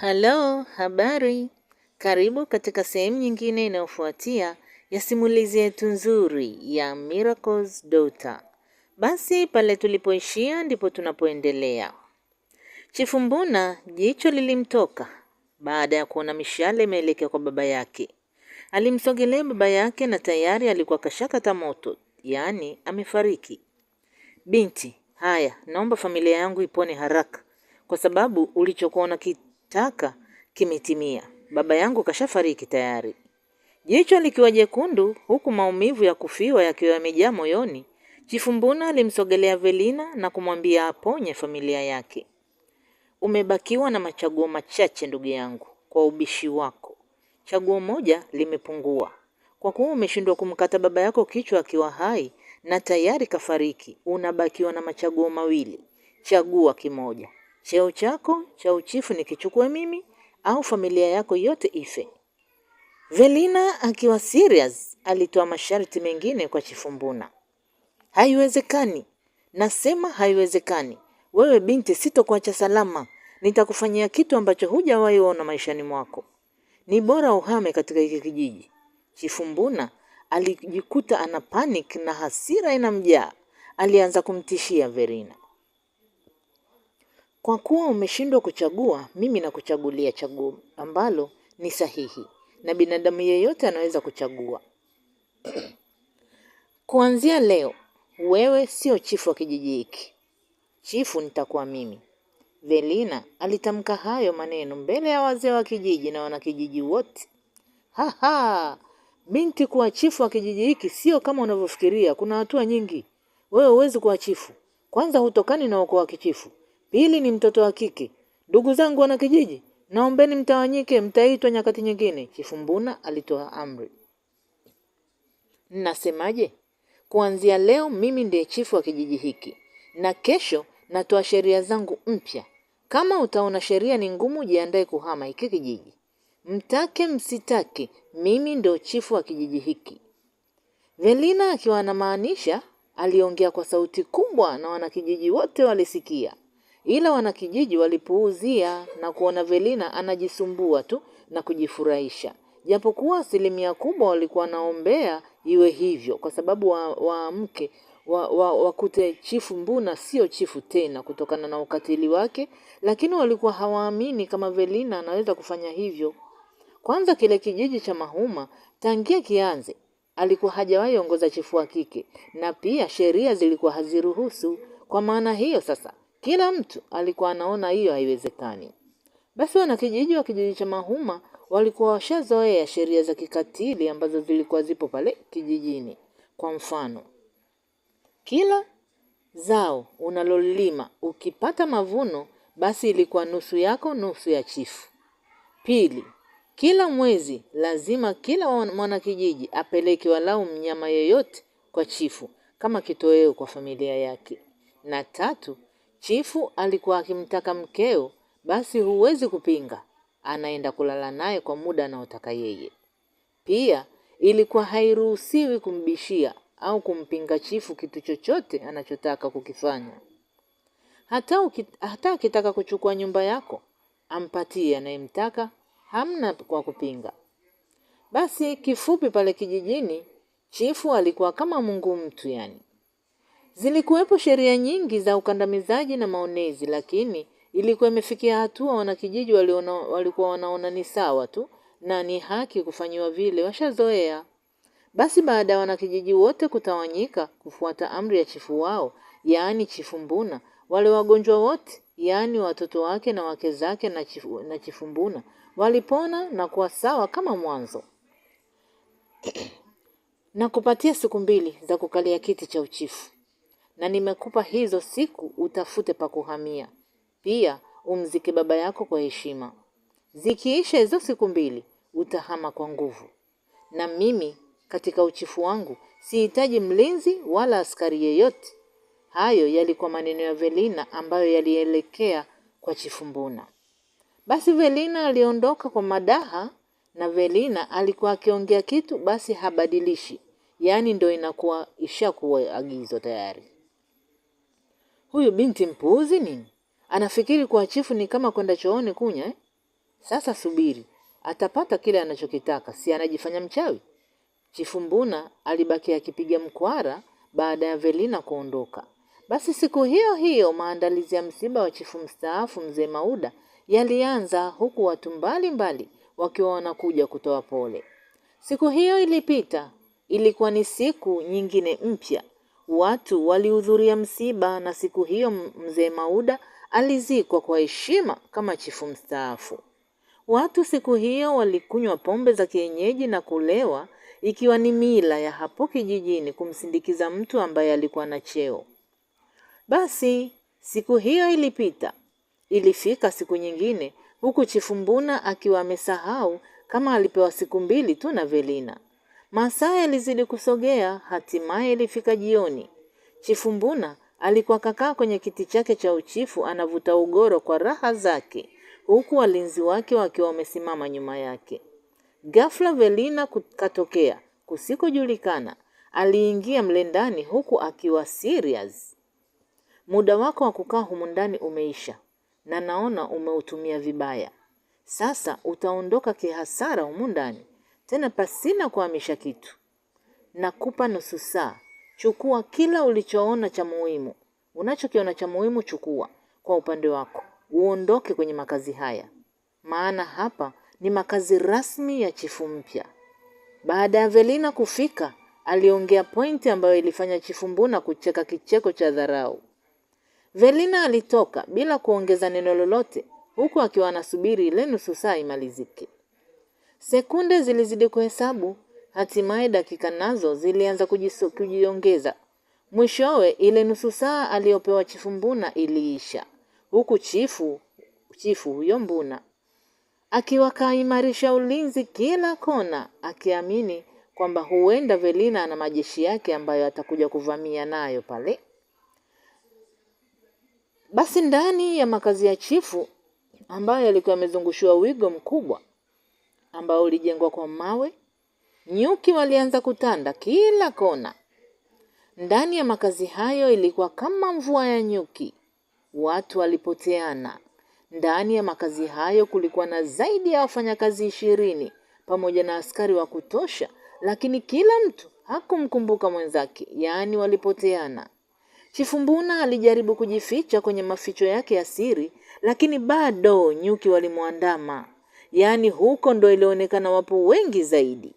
Halo, habari. Karibu katika sehemu nyingine inayofuatia ya simulizi yetu nzuri ya Miracle's Daughter. Basi pale tulipoishia ndipo tunapoendelea. Chifu Mbuna jicho lilimtoka baada ya kuona mishale imeelekea kwa baba yake. Alimsogelea baba yake na tayari alikuwa kashakata moto, yaani amefariki. Binti, haya, naomba familia yangu ipone haraka kwa sababu ulichokuona taka kimetimia. Baba yangu kashafariki tayari. Jicho likiwa jekundu huku maumivu ya kufiwa yakiwa yamejaa moyoni, Chifumbuna alimsogelea Velina na kumwambia aponye familia yake. Umebakiwa na machaguo machache ndugu yangu kwa ubishi wako. Chaguo moja limepungua. Kwa kuwa umeshindwa kumkata baba yako kichwa akiwa hai na tayari kafariki, unabakiwa na machaguo mawili. Chagua kimoja. Cheo chako cha uchifu nikichukue mimi au familia yako yote ife. Velina akiwa serious alitoa masharti mengine kwa Chifumbuna. Haiwezekani, nasema haiwezekani. Wewe binti, sitokuacha salama, nitakufanyia kitu ambacho hujawahi ona maishani mwako. Ni bora uhame katika hiki kijiji. Chifumbuna alijikuta ana panic na hasira inamjaa. Alianza kumtishia Verina. Kwa kuwa umeshindwa kuchagua, mimi nakuchagulia chaguo ambalo ni sahihi na binadamu yeyote anaweza kuchagua. Kuanzia leo, wewe sio chifu wa kijiji hiki. Chifu nitakuwa mimi. Velina alitamka hayo maneno mbele ya wazee wa kijiji na wanakijiji wote. ha, binti kuwa chifu wa kijiji hiki sio kama unavyofikiria, kuna hatua nyingi. Wewe huwezi kuwa chifu, kwanza hutokani na ukoo wa kichifu. Pili ni mtoto wa kike. Ndugu zangu wana kijiji naombeni mtawanyike, mtaitwa nyakati nyingine. Kifumbuna alitoa amri. Nasemaje? Kuanzia leo mimi ndiye chifu wa kijiji hiki, na kesho natoa sheria zangu mpya. Kama utaona sheria ni ngumu, jiandae kuhama hiki kijiji. Mtake msitake, mimi ndo chifu wa kijiji hiki. Velina akiwa anamaanisha, aliongea kwa sauti kubwa na wanakijiji wote walisikia ila wanakijiji walipuuzia na kuona Velina anajisumbua tu na kujifurahisha, japokuwa asilimia kubwa walikuwa naombea iwe hivyo, kwa sababu wamke wa wa, wa, wakute chifu Mbuna sio chifu tena kutokana na ukatili wake, lakini walikuwa hawaamini kama Velina anaweza kufanya hivyo. Kwanza kile kijiji cha Mahuma tangia kianze alikuwa hajawahi ongoza chifu wa kike, na pia sheria zilikuwa haziruhusu. Kwa maana hiyo sasa kila mtu alikuwa anaona hiyo haiwezekani. Basi wanakijiji wa kijiji cha Mahuma walikuwa washazoea sheria za kikatili ambazo zilikuwa zipo pale kijijini. Kwa mfano, kila zao unalolima ukipata mavuno, basi ilikuwa nusu yako, nusu ya chifu. Pili, kila mwezi lazima kila mwanakijiji apeleke walau mnyama yeyote kwa chifu kama kitoweo kwa familia yake. Na tatu, Chifu alikuwa akimtaka mkeo, basi huwezi kupinga, anaenda kulala naye kwa muda anaotaka yeye. Pia ilikuwa hairuhusiwi kumbishia au kumpinga chifu kitu chochote anachotaka kukifanya. Hata, ukita, hata akitaka kuchukua nyumba yako ampatie anayemtaka, hamna kwa kupinga. Basi kifupi, pale kijijini chifu alikuwa kama Mungu mtu yani. Zilikuwepo sheria nyingi za ukandamizaji na maonezi, lakini ilikuwa imefikia hatua wanakijiji waliona, walikuwa wanaona ni sawa tu na ni haki kufanyiwa vile, washazoea. Basi baada ya wanakijiji wote kutawanyika kufuata amri ya chifu wao, yaani Chifu Mbuna, wale wagonjwa wote, yaani watoto wake na wake zake na Chifu, na Chifu Mbuna walipona na kuwa sawa kama mwanzo na kupatia siku mbili za kukalia kiti cha uchifu na nimekupa hizo siku utafute pa kuhamia. Pia umzike baba yako kwa heshima. Zikiisha hizo siku mbili utahama kwa nguvu. Na mimi katika uchifu wangu sihitaji mlinzi wala askari yeyote. Hayo yalikuwa maneno ya Velina ambayo yalielekea kwa Chifu Mbuna. Basi Velina aliondoka kwa madaha na Velina alikuwa akiongea kitu basi habadilishi. Yaani ndio inakuwa ishakuwa agizo tayari. Huyu binti mpuuzi nini? Anafikiri kwa chifu ni kama kwenda chooni kunya eh? Sasa subiri, atapata kile anachokitaka, si anajifanya mchawi? Chifu Mbuna alibaki akipiga mkwara baada ya Velina kuondoka. Basi siku hiyo hiyo maandalizi ya msiba wa chifu mstaafu mzee Mauda yalianza, huku watu mbalimbali wakiwa wanakuja kutoa pole. Siku hiyo ilipita, ilikuwa ni siku nyingine mpya. Watu walihudhuria msiba na siku hiyo mzee Mauda alizikwa kwa heshima kama chifu mstaafu. Watu siku hiyo walikunywa pombe za kienyeji na kulewa, ikiwa ni mila ya hapo kijijini kumsindikiza mtu ambaye alikuwa na cheo. Basi siku hiyo ilipita. Ilifika siku nyingine, huku chifu Mbuna akiwa amesahau kama alipewa siku mbili tu na Velina. Masaa yalizidi kusogea, hatimaye ilifika jioni. Chifu Mbuna alikuwa kakaa kwenye kiti chake cha uchifu anavuta ugoro kwa raha zake, huku walinzi wake wakiwa wamesimama nyuma yake. Ghafla Velina katokea kusikojulikana, aliingia mle ndani huku akiwa serious. Muda wako wa kukaa humu ndani umeisha na naona umeutumia vibaya. Sasa utaondoka kihasara humu ndani tena pasina kuhamisha kitu. Nakupa nusu saa, chukua kila ulichoona cha muhimu. Unachokiona cha muhimu chukua kwa upande wako, uondoke kwenye makazi haya, maana hapa ni makazi rasmi ya chifu mpya. Baada ya Velina kufika, aliongea pointi ambayo ilifanya Chifu Mbuna kucheka kicheko cha dharau. Velina alitoka bila kuongeza neno lolote, huku akiwa anasubiri ile nusu saa imalizike. Sekunde zilizidi kuhesabu, hatimaye dakika nazo zilianza kujiongeza. Mwishowe ile nusu saa aliyopewa Chifu Mbuna iliisha, huku chifu chifu huyo Mbuna akiwa kaimarisha ulinzi kila kona, akiamini kwamba huenda Velina ana majeshi yake ambayo atakuja kuvamia nayo pale. Basi ndani ya makazi ya chifu ambayo yalikuwa yamezungushiwa wigo mkubwa, ambao ulijengwa kwa mawe. Nyuki walianza kutanda kila kona. Ndani ya makazi hayo ilikuwa kama mvua ya nyuki. Watu walipoteana. Ndani ya makazi hayo kulikuwa na zaidi ya wafanyakazi ishirini pamoja na askari wa kutosha, lakini kila mtu hakumkumbuka mwenzake, yaani walipoteana. Chifumbuna alijaribu kujificha kwenye maficho yake ya siri, lakini bado nyuki walimwandama yaani huko ndo ilionekana wapo wengi zaidi.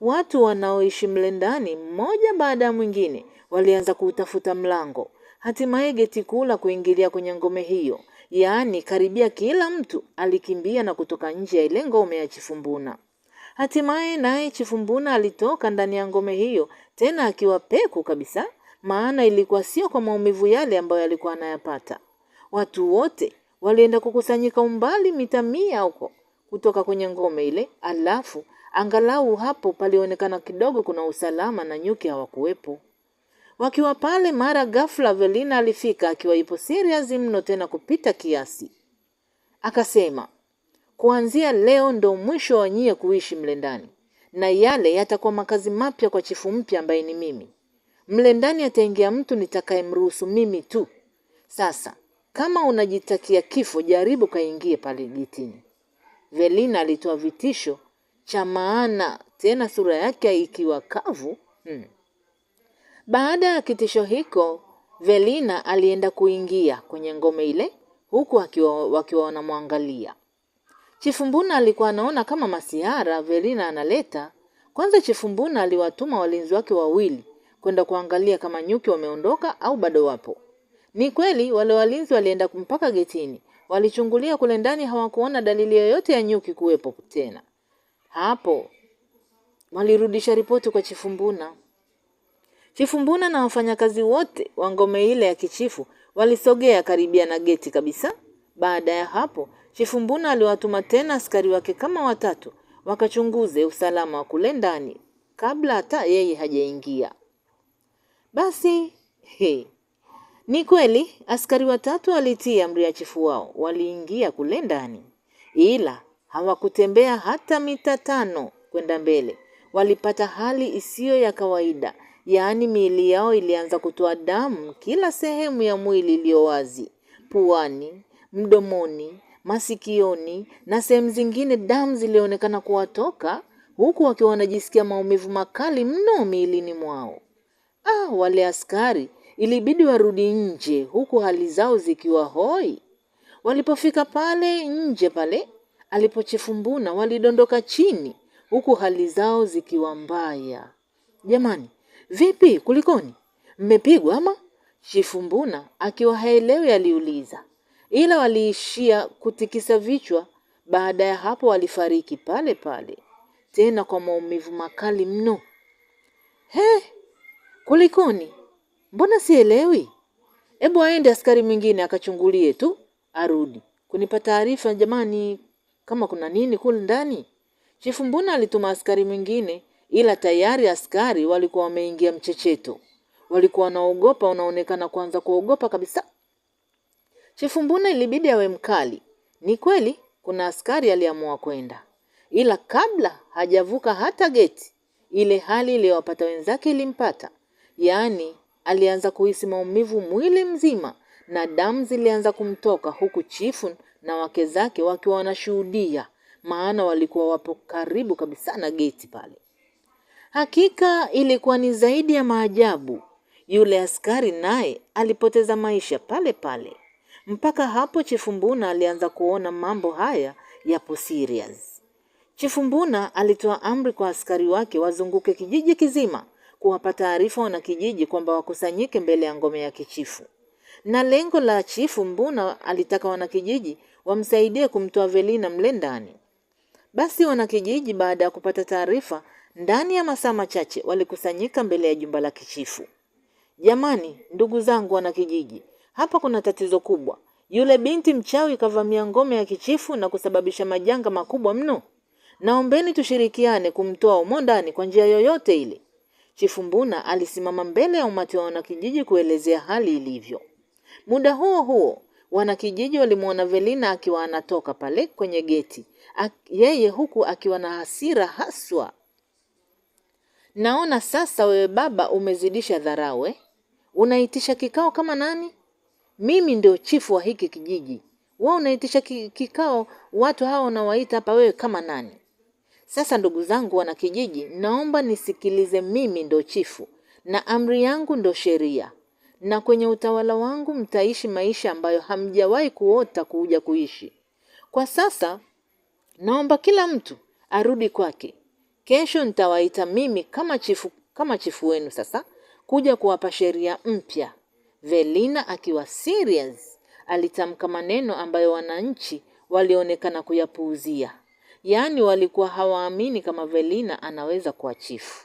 Watu wanaoishi mle ndani mmoja baada ya mwingine walianza kuutafuta mlango, hatimaye geti kuu la kuingilia kwenye ngome hiyo, yaani karibia kila mtu alikimbia na kutoka nje ya ile ngome ya Chifumbuna. Hatimaye naye Chifumbuna alitoka ndani ya ngome hiyo, tena akiwa peku kabisa, maana ilikuwa sio kwa maumivu yale ambayo alikuwa anayapata. Watu wote walienda kukusanyika umbali mita mia huko kutoka kwenye ngome ile, alafu angalau hapo palionekana kidogo kuna usalama na nyuki hawakuwepo. Wakiwa pale, mara ghafla Velina alifika akiwa ipo serious mno tena kupita kiasi, akasema kuanzia leo ndo mwisho wa nyie kuishi mle ndani, na yale yatakuwa makazi mapya kwa chifu mpya ambaye ni mimi. Mle ndani ataingia mtu nitakayemruhusu mimi tu. Sasa kama unajitakia kifo, jaribu kaingie pale gitini. Velina alitoa vitisho cha maana, tena sura yake ikiwa kavu hmm. Baada ya kitisho hiko, Velina alienda kuingia kwenye ngome ile, huku wakiwa wanamwangalia. Chifumbuna alikuwa anaona kama masihara Velina analeta. Kwanza Chifumbuna aliwatuma walinzi wake wawili kwenda kuangalia kama nyuki wameondoka au bado wapo. Ni kweli wale walinzi walienda mpaka getini, Walichungulia kule ndani, hawakuona dalili yoyote ya nyuki kuwepo tena. Hapo walirudisha ripoti kwa Chifumbuna. Chifumbuna na wafanyakazi wote wa ngome ile ya kichifu walisogea karibia na geti kabisa. Baada ya hapo, Chifumbuna aliwatuma tena askari wake kama watatu wakachunguze usalama wa kule ndani kabla hata yeye hajaingia. Basi he, ni kweli askari watatu walitia amri ya chifu wao, waliingia kule ndani, ila hawakutembea hata mita tano kwenda mbele. Walipata hali isiyo ya kawaida, yaani miili yao ilianza kutoa damu kila sehemu ya mwili iliyo wazi, puani, mdomoni, masikioni na sehemu zingine. Damu zilionekana kuwatoka huku wakiwa wanajisikia maumivu makali mno miilini mwao. Ah, wale askari Ilibidi warudi nje, huku hali zao zikiwa hoi. Walipofika pale nje pale alipochefumbuna, walidondoka chini, huku hali zao zikiwa mbaya. Jamani, vipi, kulikoni? Mmepigwa ama? Chifumbuna akiwa haelewi aliuliza, ila waliishia kutikisa vichwa. Baada ya hapo walifariki pale pale, tena kwa maumivu makali mno. He, kulikoni? Mbona sielewi? Hebu aende askari mwingine akachungulie tu, arudi kunipa taarifa, jamani, kama kuna nini kule ndani. Chifu mbona alituma askari mwingine, ila tayari askari walikuwa wameingia mchecheto, walikuwa wanaogopa, wanaonekana kuanza kuogopa kabisa. Chifu mbona ilibidi awe mkali. Ni kweli kuna askari aliamua kwenda, ila kabla hajavuka hata geti, ile hali iliyowapata wenzake ilimpata, yaani alianza kuhisi maumivu mwili mzima na damu zilianza kumtoka huku chifu na wake zake wakiwa wanashuhudia, maana walikuwa wapo karibu kabisa na geti pale. Hakika ilikuwa ni zaidi ya maajabu. Yule askari naye alipoteza maisha pale pale. Mpaka hapo Chifu Mbuna alianza kuona mambo haya yapo serious. Chifu Mbuna alitoa amri kwa askari wake wazunguke kijiji kizima kuwapa taarifa wanakijiji kwamba wakusanyike mbele ya ngome ya kichifu. Na lengo la Chifu Mbuna alitaka wanakijiji wamsaidie kumtoa Velina mle ndani. Basi wanakijiji baada ya kupata taarifa, ndani ya masaa machache walikusanyika mbele ya jumba la kichifu. Jamani, ndugu zangu wanakijiji, hapa kuna tatizo kubwa. Yule binti mchawi kavamia ngome ya kichifu na kusababisha majanga makubwa mno. Naombeni tushirikiane kumtoa umo ndani kwa njia yoyote ile. Chifu Mbuna alisimama mbele ya umati wa wanakijiji kuelezea hali ilivyo. Muda huo huo, wanakijiji walimwona Velina akiwa anatoka pale kwenye geti, yeye huku akiwa na hasira haswa. Naona sasa wewe baba umezidisha dharau eh? Unaitisha kikao kama nani? Mimi ndio chifu wa hiki kijiji, wewe unaitisha kikao watu hao unawaita hapa wewe kama nani? Sasa ndugu zangu wana kijiji naomba nisikilize, mimi ndo chifu na amri yangu ndo sheria, na kwenye utawala wangu mtaishi maisha ambayo hamjawahi kuota kuja kuishi. Kwa sasa naomba kila mtu arudi kwake. Kesho nitawaita mimi kama chifu, kama chifu wenu sasa kuja kuwapa sheria mpya. Velina akiwa serious alitamka maneno ambayo wananchi walionekana kuyapuuzia. Yaani walikuwa hawaamini kama Velina anaweza kuwa chifu.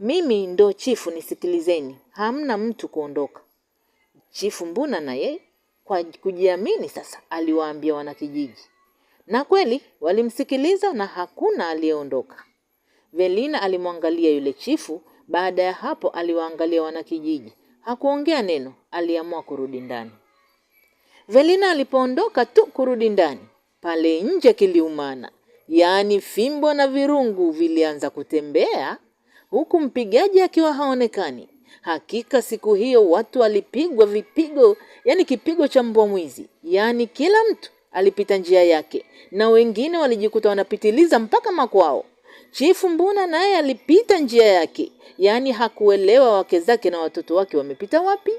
Mimi ndo chifu, nisikilizeni, hamna mtu kuondoka. Chifu Mbuna na yeye kwa kujiamini sasa aliwaambia wanakijiji, na kweli walimsikiliza na hakuna aliyeondoka. Velina alimwangalia yule chifu. Baada ya hapo, aliwaangalia wanakijiji, hakuongea neno, aliamua kurudi ndani. Velina alipoondoka tu kurudi ndani, pale nje kiliumana, yaani fimbo na virungu vilianza kutembea, huku mpigaji akiwa haonekani. Hakika siku hiyo watu walipigwa vipigo, yani kipigo cha mbwa mwizi, yaani kila mtu alipita njia yake, na wengine walijikuta wanapitiliza mpaka makwao. Chifu Mbuna naye alipita njia yake, yaani hakuelewa wake zake na watoto wake wamepita wapi.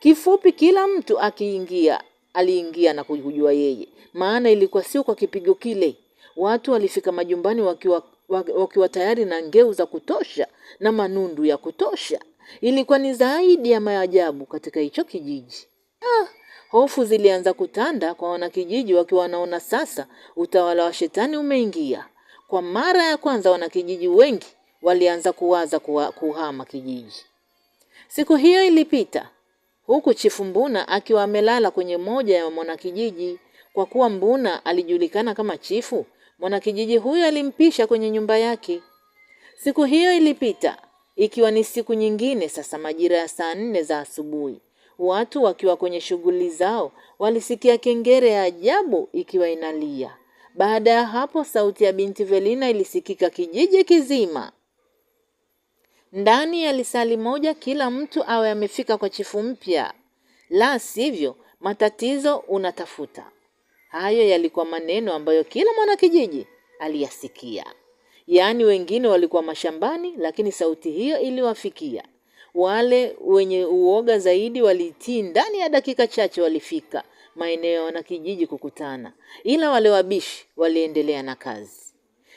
Kifupi, kila mtu akiingia aliingia na kujua yeye, maana ilikuwa sio kwa kipigo kile. Watu walifika majumbani wakiwa, wakiwa tayari na ngeu za kutosha na manundu ya kutosha. Ilikuwa ni zaidi ya maajabu katika hicho kijiji. Ah, hofu zilianza kutanda kwa wanakijiji wakiwa wanaona sasa utawala wa shetani umeingia. Kwa mara ya kwanza wanakijiji wengi walianza kuwaza kuwa, kuhama kijiji. Siku hiyo ilipita huku chifu Mbuna akiwa amelala kwenye moja ya mwanakijiji. Kwa kuwa Mbuna alijulikana kama chifu, mwanakijiji huyo alimpisha kwenye nyumba yake. Siku hiyo ilipita ikiwa ni siku nyingine sasa, majira ya saa nne za asubuhi, watu wakiwa kwenye shughuli zao walisikia kengele ya ajabu ikiwa inalia. Baada ya hapo, sauti ya binti Velina ilisikika kijiji kizima. Ndani ya lisali moja kila mtu awe amefika kwa chifu mpya, la sivyo matatizo unatafuta. Hayo yalikuwa maneno ambayo kila mwanakijiji aliyasikia. Yaani wengine walikuwa mashambani, lakini sauti hiyo iliwafikia. Wale wenye uoga zaidi walitii, ndani ya dakika chache walifika maeneo ya wanakijiji kukutana, ila wale wabishi waliendelea na kazi.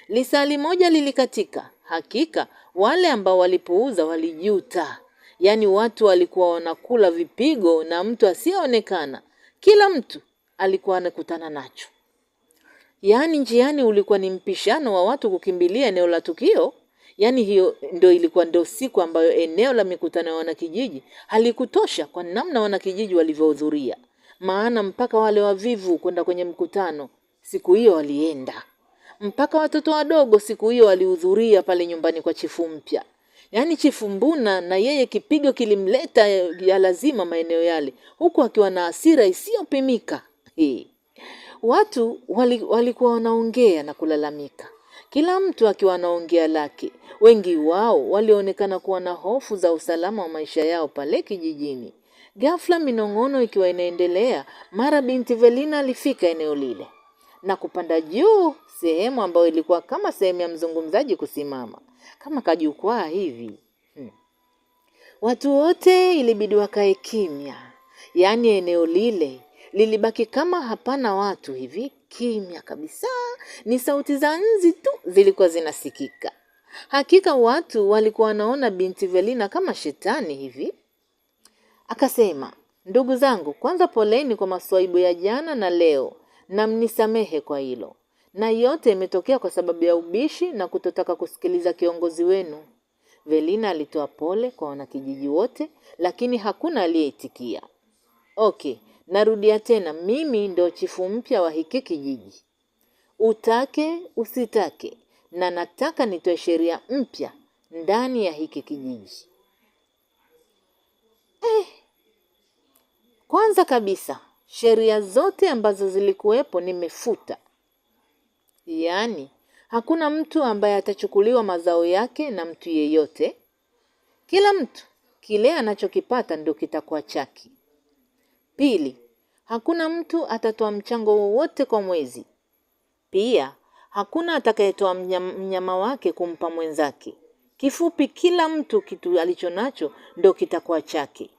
Lisali moja lilikatika. Hakika wale ambao walipuuza walijuta. Yaani watu walikuwa wanakula vipigo na mtu asiyeonekana. Kila mtu alikuwa anakutana nacho. Yaani njiani ulikuwa ni mpishano wa watu kukimbilia eneo la tukio. Yaani hiyo ndio ilikuwa ndio siku ambayo eneo la mikutano ya wanakijiji halikutosha kwa namna wanakijiji walivyohudhuria. Maana mpaka wale wavivu kwenda kwenye mkutano siku hiyo walienda mpaka watoto wadogo siku hiyo walihudhuria pale nyumbani kwa chifu mpya. Yaani chifu Mbuna na yeye kipigo kilimleta ya lazima maeneo yale, huku akiwa na hasira isiyopimika. Watu walikuwa wali wanaongea na kulalamika, kila mtu akiwa anaongea lake. Wengi wao walionekana kuwa na hofu za usalama wa maisha yao pale kijijini. Ghafla minong'ono ikiwa inaendelea, mara binti Velina alifika eneo lile na kupanda juu sehemu ambayo ilikuwa kama sehemu ya mzungumzaji kusimama kama kajukwaa hivi hmm. Watu wote ilibidi wakae kimya, yaani eneo lile lilibaki kama hapana watu hivi, kimya kabisa. Ni sauti za nzi tu zilikuwa zinasikika. Hakika watu walikuwa wanaona binti Velina kama shetani hivi. Akasema, ndugu zangu, kwanza poleni kwa maswaibu ya jana na leo, na mnisamehe kwa hilo na yote imetokea kwa sababu ya ubishi na kutotaka kusikiliza kiongozi wenu. Velina alitoa pole kwa wanakijiji wote, lakini hakuna aliyeitikia. Okay, narudia tena, mimi ndo chifu mpya wa hiki kijiji, utake usitake, na nataka nitoe sheria mpya ndani ya hiki kijiji. Eh, kwanza kabisa sheria zote ambazo zilikuwepo nimefuta Yaani, hakuna mtu ambaye atachukuliwa mazao yake na mtu yeyote. Kila mtu kile anachokipata ndio kitakuwa chake. Pili, hakuna mtu atatoa mchango wowote kwa mwezi. Pia, hakuna atakayetoa mnyama wake kumpa mwenzake. Kifupi, kila mtu kitu alichonacho ndo kitakuwa chake.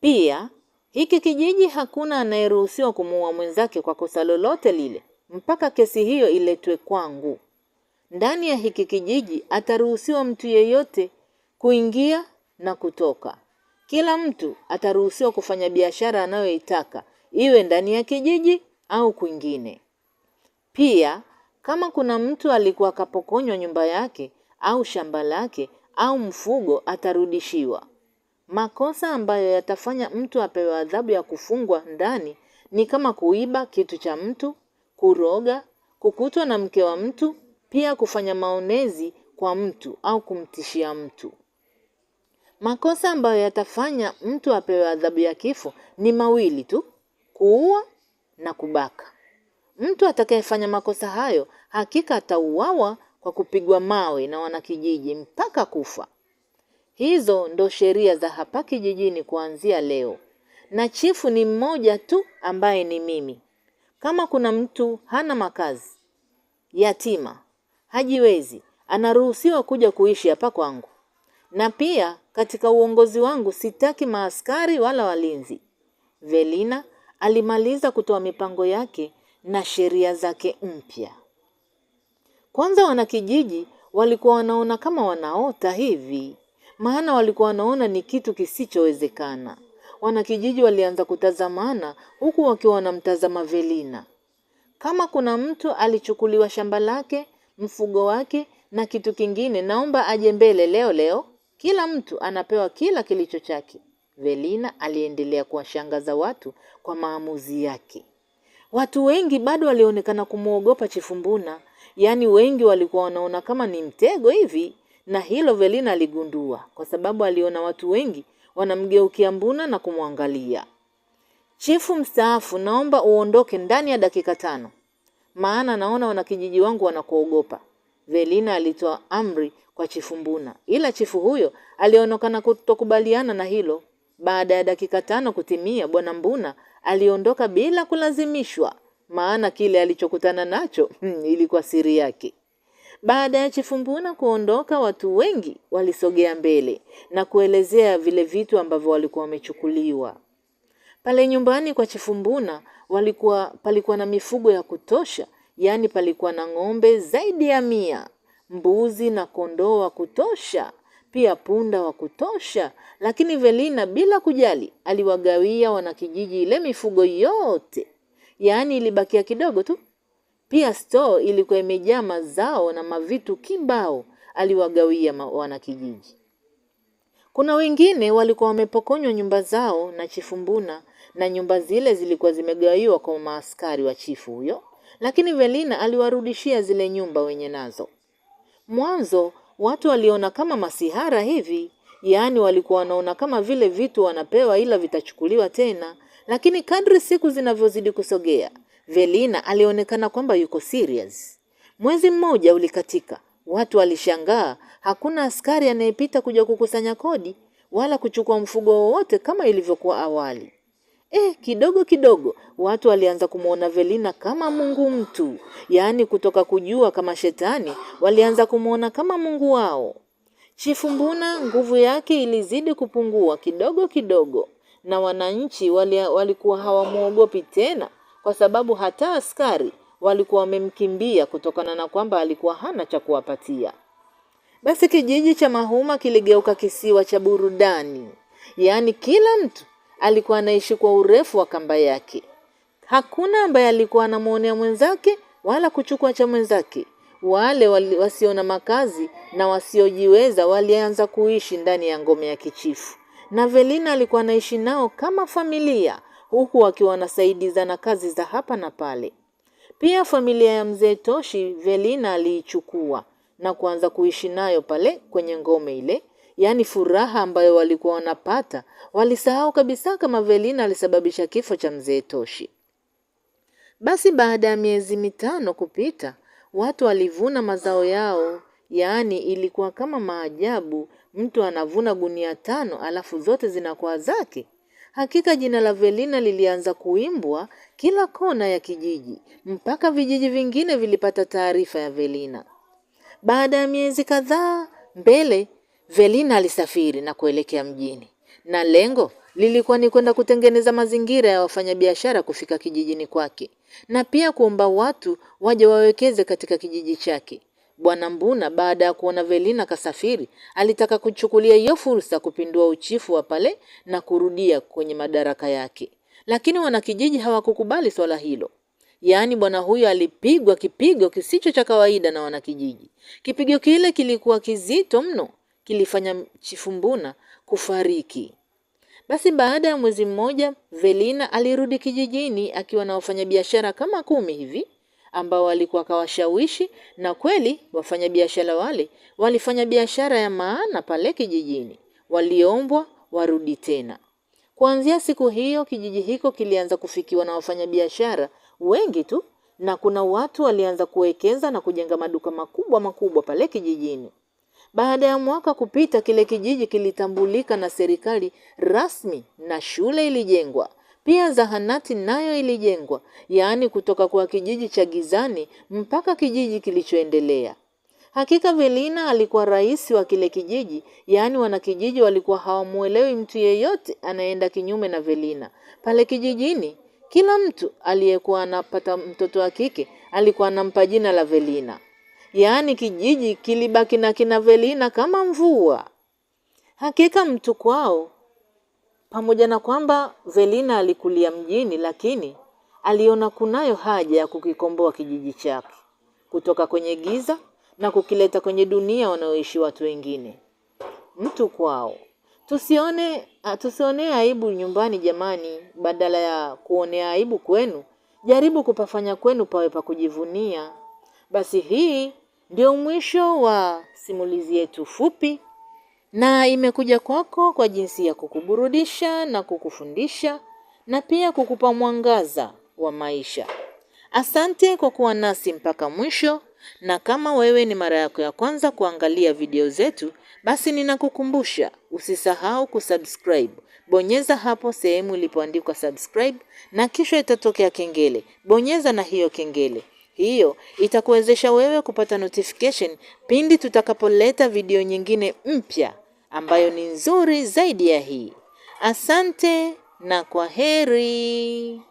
Pia, hiki kijiji hakuna anayeruhusiwa kumuua mwenzake kwa kosa lolote lile mpaka kesi hiyo iletwe kwangu. Ndani ya hiki kijiji ataruhusiwa mtu yeyote kuingia na kutoka. Kila mtu ataruhusiwa kufanya biashara anayoitaka, iwe ndani ya kijiji au kwingine. Pia kama kuna mtu alikuwa akapokonywa nyumba yake au shamba lake au mfugo, atarudishiwa. Makosa ambayo yatafanya mtu apewe adhabu ya kufungwa ndani ni kama kuiba kitu cha mtu, kuroga, kukutwa na mke wa mtu, pia kufanya maonezi kwa mtu au kumtishia mtu. Makosa ambayo yatafanya mtu apewe adhabu ya kifo ni mawili tu, kuua na kubaka. Mtu atakayefanya makosa hayo hakika atauawa kwa kupigwa mawe na wanakijiji mpaka kufa. Hizo ndo sheria za hapa kijijini kuanzia leo, na chifu ni mmoja tu ambaye ni mimi. Kama kuna mtu hana makazi, yatima, hajiwezi, anaruhusiwa kuja kuishi hapa kwangu. Na pia katika uongozi wangu sitaki maaskari wala walinzi. Velina alimaliza kutoa mipango yake na sheria zake mpya. Kwanza wanakijiji walikuwa wanaona kama wanaota hivi, maana walikuwa wanaona ni kitu kisichowezekana. Wanakijiji walianza kutazamana huku wakiwa wanamtazama Velina. Kama kuna mtu alichukuliwa shamba lake, mfugo wake na kitu kingine, naomba aje mbele leo leo. Kila mtu anapewa kila kilicho chake. Velina aliendelea kuwashangaza watu kwa maamuzi yake. Watu wengi bado walionekana kumwogopa Chifu Mbuna, yaani wengi walikuwa wanaona kama ni mtego hivi, na hilo Velina aligundua kwa sababu aliona watu wengi Wanamgeukia Mbuna na kumwangalia. Chifu mstaafu, naomba uondoke ndani ya dakika tano, maana naona wanakijiji wangu wanakuogopa. Velina alitoa amri kwa chifu Mbuna, ila chifu huyo alionekana kutokubaliana na hilo. Baada ya dakika tano kutimia, bwana Mbuna aliondoka bila kulazimishwa, maana kile alichokutana nacho hmm, ilikuwa siri yake. Baada ya Chifumbuna kuondoka, watu wengi walisogea mbele na kuelezea vile vitu ambavyo walikuwa wamechukuliwa. Pale nyumbani kwa Chifumbuna walikuwa palikuwa na mifugo ya kutosha, yaani palikuwa na ng'ombe zaidi ya mia, mbuzi na kondoo wa kutosha, pia punda wa kutosha. Lakini Velina bila kujali aliwagawia wanakijiji ile mifugo yote, yaani ilibakia kidogo tu pia store ilikuwa imejaa mazao na mavitu kimbao aliwagawia wanakijiji. Kuna wengine walikuwa wamepokonywa nyumba zao na chifu Mbuna na nyumba zile zilikuwa zimegawiwa kwa maaskari wa chifu huyo, lakini Velina aliwarudishia zile nyumba wenye nazo. Mwanzo watu waliona kama masihara hivi, yaani walikuwa wanaona kama vile vitu wanapewa ila vitachukuliwa tena, lakini kadri siku zinavyozidi kusogea Velina alionekana kwamba yuko serious. Mwezi mmoja ulikatika. Watu walishangaa, hakuna askari anayepita kuja kukusanya kodi wala kuchukua mfugo wowote kama ilivyokuwa awali. Eh, kidogo kidogo watu walianza kumwona Velina kama mungu mtu, yaani kutoka kujua kama shetani walianza kumwona kama mungu wao. Chifu Mbuna nguvu yake ilizidi kupungua kidogo kidogo, na wananchi walikuwa hawamwogopi tena kwa sababu hata askari walikuwa wamemkimbia kutokana na kwamba alikuwa hana cha kuwapatia. Basi kijiji cha Mahuma kiligeuka kisiwa cha burudani, yaani kila mtu alikuwa anaishi kwa urefu wa kamba yake. Hakuna ambaye alikuwa anamwonea mwenzake wala kuchukua cha mwenzake. Wale wasio na makazi na wasiojiweza walianza kuishi ndani ya ngome ya kichifu, na Velina alikuwa anaishi nao kama familia, huku wakiwa wanasaidizana kazi za hapa na pale. Pia familia ya mzee Toshi Velina aliichukua na kuanza kuishi nayo pale kwenye ngome ile. Yaani furaha ambayo walikuwa wanapata, walisahau kabisa kama Velina alisababisha kifo cha mzee Toshi. Basi baada ya miezi mitano kupita, watu walivuna mazao yao, yaani ilikuwa kama maajabu, mtu anavuna gunia tano alafu zote zinakuwa zake. Hakika jina la Velina lilianza kuimbwa kila kona ya kijiji, mpaka vijiji vingine vilipata taarifa ya Velina. Baada ya miezi kadhaa mbele, Velina alisafiri na kuelekea mjini, na lengo lilikuwa ni kwenda kutengeneza mazingira ya wafanyabiashara kufika kijijini kwake, na pia kuomba watu waje wawekeze katika kijiji chake. Bwana Mbuna baada ya kuona Velina kasafiri, alitaka kuchukulia hiyo fursa kupindua uchifu wa pale na kurudia kwenye madaraka yake, lakini wanakijiji hawakukubali swala hilo. Yaani bwana huyo alipigwa kipigo kisicho cha kawaida na wanakijiji. Kipigo kile kilikuwa kizito mno, kilifanya Chifu Mbuna kufariki. Basi baada ya mwezi mmoja, Velina alirudi kijijini akiwa na wafanyabiashara kama kumi hivi ambao walikuwa kawashawishi, na kweli wafanyabiashara wale walifanya biashara ya maana pale kijijini. Waliombwa warudi tena. Kuanzia siku hiyo kijiji hiko kilianza kufikiwa na wafanyabiashara wengi tu, na kuna watu walianza kuwekeza na kujenga maduka makubwa makubwa pale kijijini. Baada ya mwaka kupita, kile kijiji kilitambulika na serikali rasmi na shule ilijengwa pia zahanati nayo ilijengwa, yaani kutoka kwa kijiji cha gizani mpaka kijiji kilichoendelea. Hakika Velina alikuwa rais wa kile kijiji, yaani wanakijiji walikuwa hawamwelewi mtu yeyote anayeenda kinyume na Velina. Pale kijijini kila mtu aliyekuwa anapata mtoto wa kike alikuwa anampa jina la Velina, yaani kijiji kilibaki na kina Velina kama mvua. Hakika mtu kwao pamoja na kwamba Velina alikulia mjini, lakini aliona kunayo haja ya kukikomboa kijiji chake kutoka kwenye giza na kukileta kwenye dunia wanaoishi watu wengine, mtu kwao. Tusione ah, tusionee aibu nyumbani jamani, badala ya kuonea aibu kwenu, jaribu kupafanya kwenu pawe pa kujivunia. Basi hii ndio mwisho wa simulizi yetu fupi na imekuja kwako kwa jinsi ya kukuburudisha na kukufundisha na pia kukupa mwangaza wa maisha. Asante kwa kuwa nasi mpaka mwisho, na kama wewe ni mara yako ya kwanza kuangalia video zetu, basi ninakukumbusha usisahau kusubscribe. Bonyeza hapo sehemu ilipoandikwa subscribe, na kisha itatokea kengele. Bonyeza na hiyo kengele. Hiyo itakuwezesha wewe kupata notification pindi tutakapoleta video nyingine mpya ambayo ni nzuri zaidi ya hii. Asante na kwa heri.